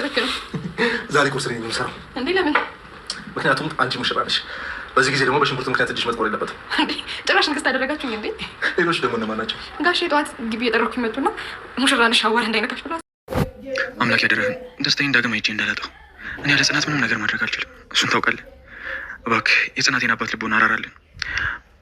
እያደረክ ነው? ዛሬ ቁርስ ነው የምሰራው። እንዴ ለምን? ምክንያቱም አንቺ ሙሽራ ነሽ። በዚህ ጊዜ ደግሞ በሽንኩርት ምክንያት እጅሽ መጥቆር የለበትም። ጭራሽ ንግስት አደረጋችሁኝ እንዴ? ሌሎች ደግሞ እነማን ናቸው? ጋሽ የጠዋት ግቢ የጠረኩ ይመጡና ሙሽራ ነሽ አዋር እንዳይነካሽ ብሏል። አምላክ ያደረህን ደስታዬን ዳግም አይቼ እንዳላጣው። እኔ ያለ ጽናት ምንም ነገር ማድረግ አልችልም። እሱን ታውቃለህ። እባክህ የጽናቴን አባት ልቦና አራራለን።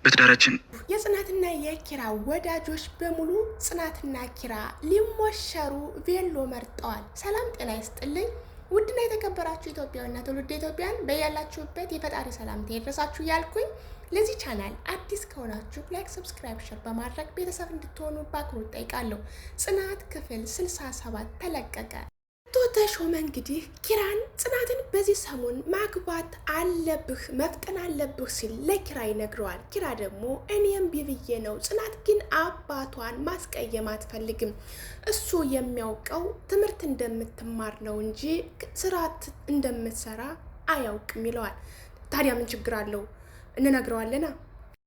በትዳራችን የጽናትና የኪራ ወዳጆች በሙሉ ጽናትና ኪራ ሊሞሸሩ ቬሎ መርጠዋል። ሰላም ጤና ይስጥልኝ። ውድና የተከበራችሁ ኢትዮጵያውና ትውልድ ኢትዮጵያን በያላችሁበት የፈጣሪ ሰላምታ ይድረሳችሁ እያልኩኝ ለዚህ ቻናል አዲስ ከሆናችሁ ላይክ፣ ሰብስክራይብ፣ ሸር በማድረግ ቤተሰብ እንድትሆኑ በአክብሮት ጠይቃለሁ። ጽናት ክፍል 67 ተለቀቀ። አቶ ተሾመ እንግዲህ ኪራን ጽናትን በዚህ ሰሞን ማግባት አለብህ መፍጠን አለብህ ሲል ለኪራ ይነግረዋል። ኪራ ደግሞ እኔም ቢብዬ ነው፣ ጽናት ግን አባቷን ማስቀየም አትፈልግም። እሱ የሚያውቀው ትምህርት እንደምትማር ነው እንጂ ስራት እንደምትሰራ አያውቅም ይለዋል። ታዲያ ምን ችግር አለው? እንነግረዋለና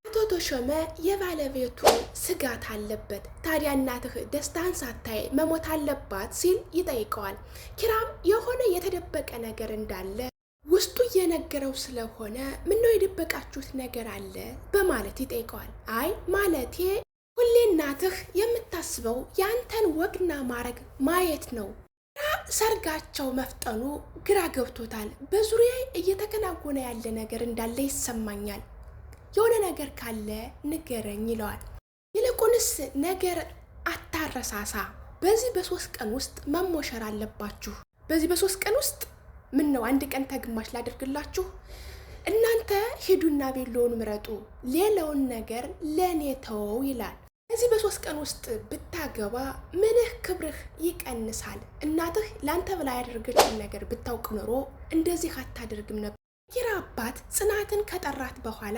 አቶ ተሾመ የባለቤቱ ስጋት አለበት። ታዲያ እናትህ ደስታን ሳታይ መሞት አለባት ሲል ይጠይቀዋል። ኪራም የሆነ የተደበቀ ነገር እንዳለ ውስጡ እየነገረው ስለሆነ ምነው የደበቃችሁት ነገር አለ በማለት ይጠይቀዋል። አይ ማለቴ ሁሌ እናትህ የምታስበው የአንተን ወግና ማረግ ማየት ነው። ሰርጋቸው መፍጠኑ ግራ ገብቶታል። በዙሪያ እየተከናወነ ያለ ነገር እንዳለ ይሰማኛል። የሆነ ነገር ካለ ንገረኝ ይለዋል። ይልቁንስ ነገር አታረሳሳ። በዚህ በሶስት ቀን ውስጥ መሞሸር አለባችሁ። በዚህ በሶስት ቀን ውስጥ ምን ነው አንድ ቀን ተግማሽ ላደርግላችሁ። እናንተ ሂዱና ቤሎውን ምረጡ፣ ሌላውን ነገር ለእኔ ተወው ይላል። በዚህ በሶስት ቀን ውስጥ ብታገባ ምንህ ክብርህ ይቀንሳል። እናትህ ለአንተ ብላ ያደረገችን ነገር ብታውቅ ኖሮ እንደዚህ አታደርግም ነበር። ኪራ አባት ጽናትን ከጠራት በኋላ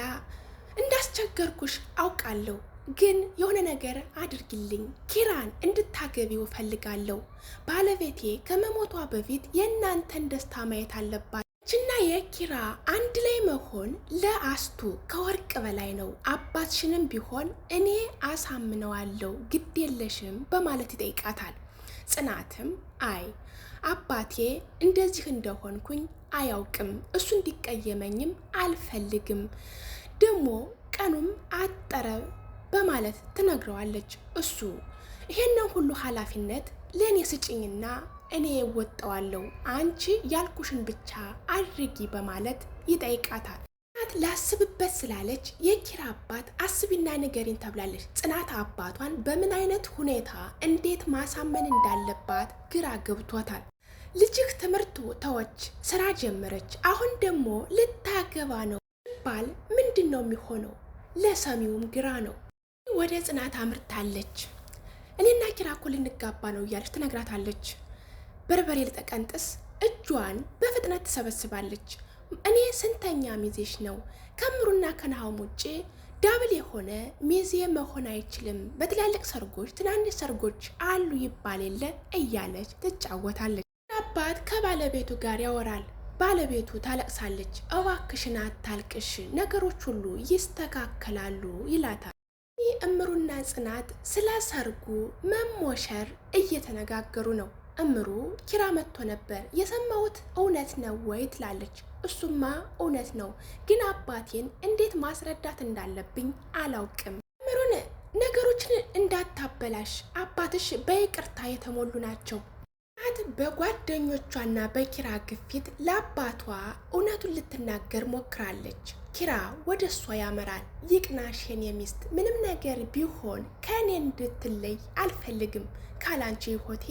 እንዳስቸገርኩሽ አውቃለሁ፣ ግን የሆነ ነገር አድርግልኝ ኪራን እንድታገቢው ፈልጋለሁ። ባለቤቴ ከመሞቷ በፊት የእናንተን ደስታ ማየት አለባት። ችና የኪራ አንድ ላይ መሆን ለአስቱ ከወርቅ በላይ ነው። አባትሽንም ቢሆን እኔ አሳምነዋለሁ፣ ግድ የለሽም በማለት ይጠይቃታል። ጽናትም አይ አባቴ እንደዚህ እንደሆንኩኝ አያውቅም፣ እሱ እንዲቀየመኝም አልፈልግም ደግሞ ቀኑም አጠረ በማለት ትነግረዋለች። እሱ ይሄንን ሁሉ ኃላፊነት ለእኔ ስጭኝና እኔ እወጣዋለሁ፣ አንቺ ያልኩሽን ብቻ አድርጊ በማለት ይጠይቃታል። ጽናት ላስብበት ስላለች የኪራ አባት አስቢና ንገሪን ተብላለች። ጽናት አባቷን በምን አይነት ሁኔታ እንዴት ማሳመን እንዳለባት ግራ ገብቷታል። ልጅህ ትምህርት ተወች፣ ስራ ጀመረች፣ አሁን ደግሞ ልታገባ ነው ሲባል ምንድን ነው የሚሆነው? ለሰሚውም ግራ ነው። ወደ ጽናት አምርታለች። እኔና ኪራ እኮ ልንጋባ ነው እያለች ትነግራታለች። በርበሬ ልጠቀንጥስ እጇን በፍጥነት ትሰበስባለች። እኔ ስንተኛ ሚዜሽ ነው? ከምሩና ከነሐውም ውጭ ዳብል የሆነ ሚዜ መሆን አይችልም። በትላልቅ ሰርጎች፣ ትናንሽ ሰርጎች አሉ ይባል የለ እያለች ትጫወታለች። አባት ከባለቤቱ ጋር ያወራል። ባለቤቱ ታለቅሳለች። እባክሽን አታልቅሽ፣ ነገሮች ሁሉ ይስተካከላሉ ይላታል። ይህ እምሩና ጽናት ስለ ሰርጉ መሞሸር እየተነጋገሩ ነው። እምሩ ኪራ መጥቶ ነበር የሰማሁት እውነት ነው ወይ ትላለች። እሱማ እውነት ነው፣ ግን አባቴን እንዴት ማስረዳት እንዳለብኝ አላውቅም። እምሩን ነገሮችን እንዳታበላሽ፣ አባትሽ በይቅርታ የተሞሉ ናቸው ምህረት በጓደኞቿና በኪራ ግፊት ለአባቷ እውነቱን ልትናገር ሞክራለች። ኪራ ወደ እሷ ያመራል። ይቅናሽ የኔ ሚስት፣ ምንም ነገር ቢሆን ከእኔ እንድትለይ አልፈልግም፣ ካላንቺ ሆቴ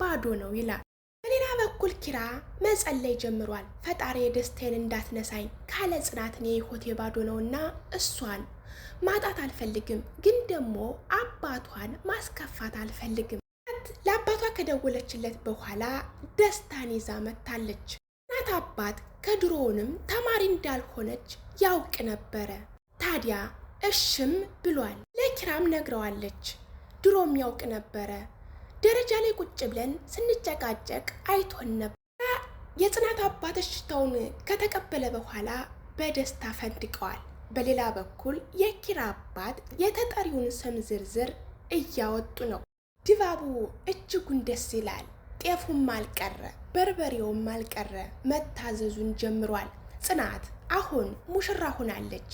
ባዶ ነው ይላል። በሌላ በኩል ኪራ መጸለይ ጀምሯል። ፈጣሪ ደስታዬን እንዳትነሳኝ፣ ካለ ጽናት እኔ ሆቴ ባዶ ነውና እሷን ማጣት አልፈልግም፣ ግን ደግሞ አባቷን ማስከፋት አልፈልግም። ለአባቷ ከደወለችለት በኋላ ደስታን ይዛ መጥታለች። እናት አባት ከድሮውንም ተማሪ እንዳልሆነች ያውቅ ነበረ። ታዲያ እሽም ብሏል። ለኪራም ነግረዋለች። ድሮም ያውቅ ነበረ። ደረጃ ላይ ቁጭ ብለን ስንጨቃጨቅ አይቶን ነበር። የጽናት አባት እሽታውን ከተቀበለ በኋላ በደስታ ፈንድቀዋል። በሌላ በኩል የኪራ አባት የተጠሪውን ስም ዝርዝር እያወጡ ነው። ድባቡ እጅጉን ደስ ይላል። ጤፉም አልቀረ፣ በርበሬውም አልቀረ መታዘዙን ጀምሯል። ጽናት አሁን ሙሽራ ሆናለች።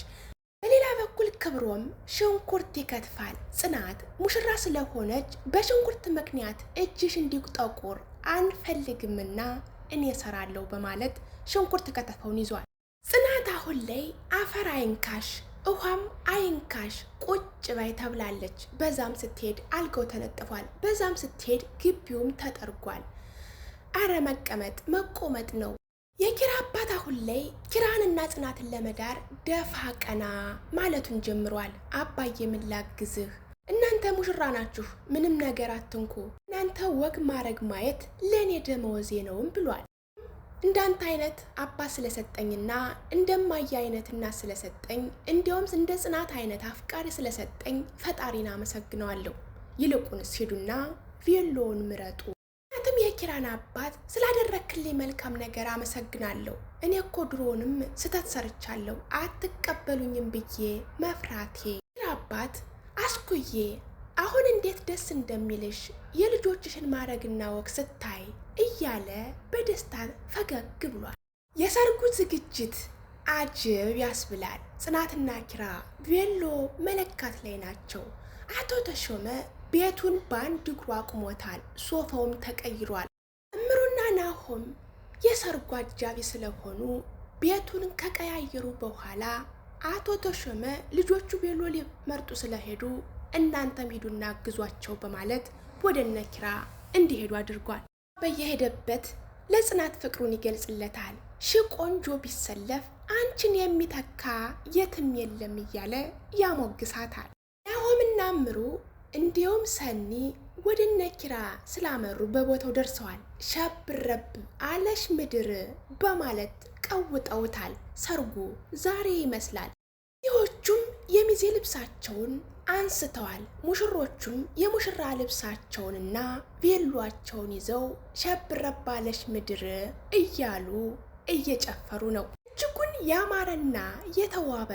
በሌላ በኩል ክብሮም ሽንኩርት ይከትፋል። ጽናት ሙሽራ ስለሆነች በሽንኩርት ምክንያት እጅሽ እንዲጠቁር አንፈልግምና እኔ እሰራለሁ በማለት ሽንኩርት ከተፈውን ይዟል። ጽናት አሁን ላይ አፈር አይንካሽ፣ ውሃም አይንካሽ ቁጭ አጭባይ ተብላለች። በዛም ስትሄድ አልጋው ተነጥፏል። በዛም ስትሄድ ግቢውም ተጠርጓል። አረ መቀመጥ መቆመጥ ነው። የኪራ አባት አሁን ላይ ኪራንና ጽናትን ለመዳር ደፋ ቀና ማለቱን ጀምሯል። አባዬ ምን ላግዝህ? እናንተ ሙሽራ ናችሁ፣ ምንም ነገር አትንኩ። እናንተ ወግ ማረግ ማየት ለእኔ ደመወዜ ነውም ብሏል። እንዳንተ አይነት አባት ስለሰጠኝና እንደማየ አይነት ስለሰጠኝ እንዲያውም እንደ ጽናት አይነት አፍቃሪ ስለሰጠኝ ፈጣሪን አመሰግነዋለሁ። ይልቁንስ ሂዱና ቬሎውን ምረጡ። እናትም የኪራን አባት ስላደረክልኝ መልካም ነገር አመሰግናለሁ። እኔ እኮ ድሮንም ስህተት ሰርቻለሁ፣ አትቀበሉኝም ብዬ መፍራቴ። ኪራ አባት አስኩዬ አሁን እንዴት ደስ እንደሚልሽ የልጆችሽን ማረግና ወግ ስታይ እያለ በደስታ ፈገግ ብሏል። የሰርጉ ዝግጅት አጅብ ያስብላል። ጽናትና ኪራ ቬሎ መለካት ላይ ናቸው። አቶ ተሾመ ቤቱን በአንድ እግሩ አቁሞታል። ሶፋውም ተቀይሯል። እምሩና ናሆም የሰርጉ አጃቢ ስለሆኑ ቤቱን ከቀያየሩ በኋላ አቶ ተሾመ ልጆቹ ቬሎ ሊመርጡ ስለሄዱ እናንተም ሂዱና ግዟቸው በማለት ወደ እነ ኪራ እንዲሄዱ አድርጓል። በየሄደበት ለጽናት ፍቅሩን ይገልጽለታል። ሺ ቆንጆ ቢሰለፍ አንቺን የሚተካ የትም የለም እያለ ያሞግሳታል። ናሆምና ምሩ እንዲሁም ሰኒ ወደ እነ ኪራ ስላመሩ በቦታው ደርሰዋል። ሸብረብ አለሽ ምድር በማለት ቀውጠውታል። ሰርጉ ዛሬ ይመስላል። ይሆቹም የሚዜ ልብሳቸውን አንስተዋል። ሙሽሮቹም የሙሽራ ልብሳቸውንና ቬሏቸውን ይዘው ሸብረባለሽ ምድር እያሉ እየጨፈሩ ነው። እጅጉን ያማረና የተዋበ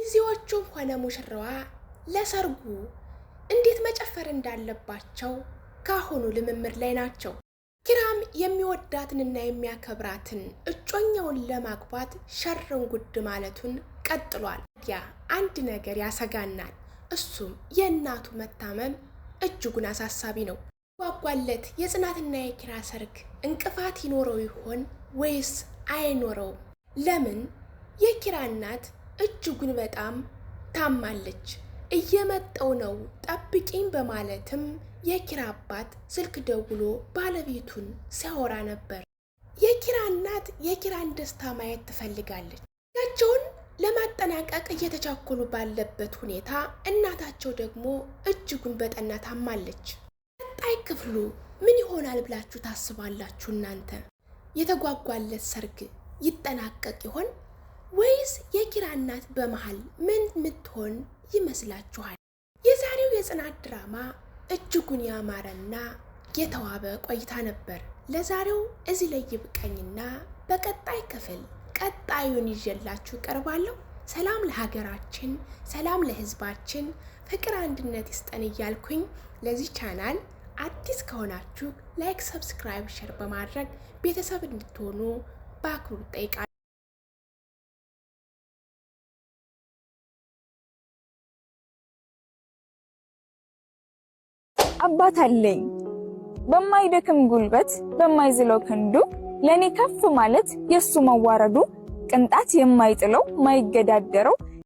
ሚዜዎቹም ሆነ ሙሽራዋ ለሰርጉ እንዴት መጨፈር እንዳለባቸው ካሁኑ ልምምር ላይ ናቸው። ኪራም የሚወዳትንና የሚያከብራትን እጮኛውን ለማግባት ሸርን ጉድ ማለቱን ቀጥሏል። ያ አንድ ነገር ያሰጋናል። እሱም የእናቱ መታመም እጅጉን አሳሳቢ ነው። ጓጓለት የጽናትና የኪራ ሰርግ እንቅፋት ይኖረው ይሆን ወይስ አይኖረውም? ለምን የኪራ እናት እጅጉን በጣም ታማለች። እየመጣው ነው ጠብቂኝ በማለትም የኪራ አባት ስልክ ደውሎ ባለቤቱን ሲያወራ ነበር። የኪራ እናት የኪራን ደስታ ማየት ትፈልጋለች። ጋቸውን ለማጠናቀቅ እየተቻኮሉ ባለበት ሁኔታ እናታቸው ደግሞ እጅጉን በጠና ታማለች። ቀጣይ ክፍሉ ምን ይሆናል ብላችሁ ታስባላችሁ እናንተ? የተጓጓለት ሰርግ ይጠናቀቅ ይሆን ወይስ የኪራ እናት በመሀል ምን ምትሆን ይመስላችኋል? የዛሬው የጽናት ድራማ እጅጉን ያማረና የተዋበ ቆይታ ነበር። ለዛሬው እዚህ ላይ ይብቀኝና በቀጣይ ክፍል ቀጣዩን ይዤላችሁ ቀርባለሁ። ሰላም ለሀገራችን፣ ሰላም ለሕዝባችን፣ ፍቅር አንድነት ይስጠን እያልኩኝ ለዚህ ቻናል አዲስ ከሆናችሁ ላይክ፣ ሰብስክራይብ፣ ሸር በማድረግ ቤተሰብ እንድትሆኑ በአክብሮት ጠይቃል። አባት አለኝ። በማይደክም ጉልበት በማይዝለው ክንዱ ለኔ ከፍ ማለት የሱ መዋረዱ ቅንጣት የማይጥለው ማይገዳደረው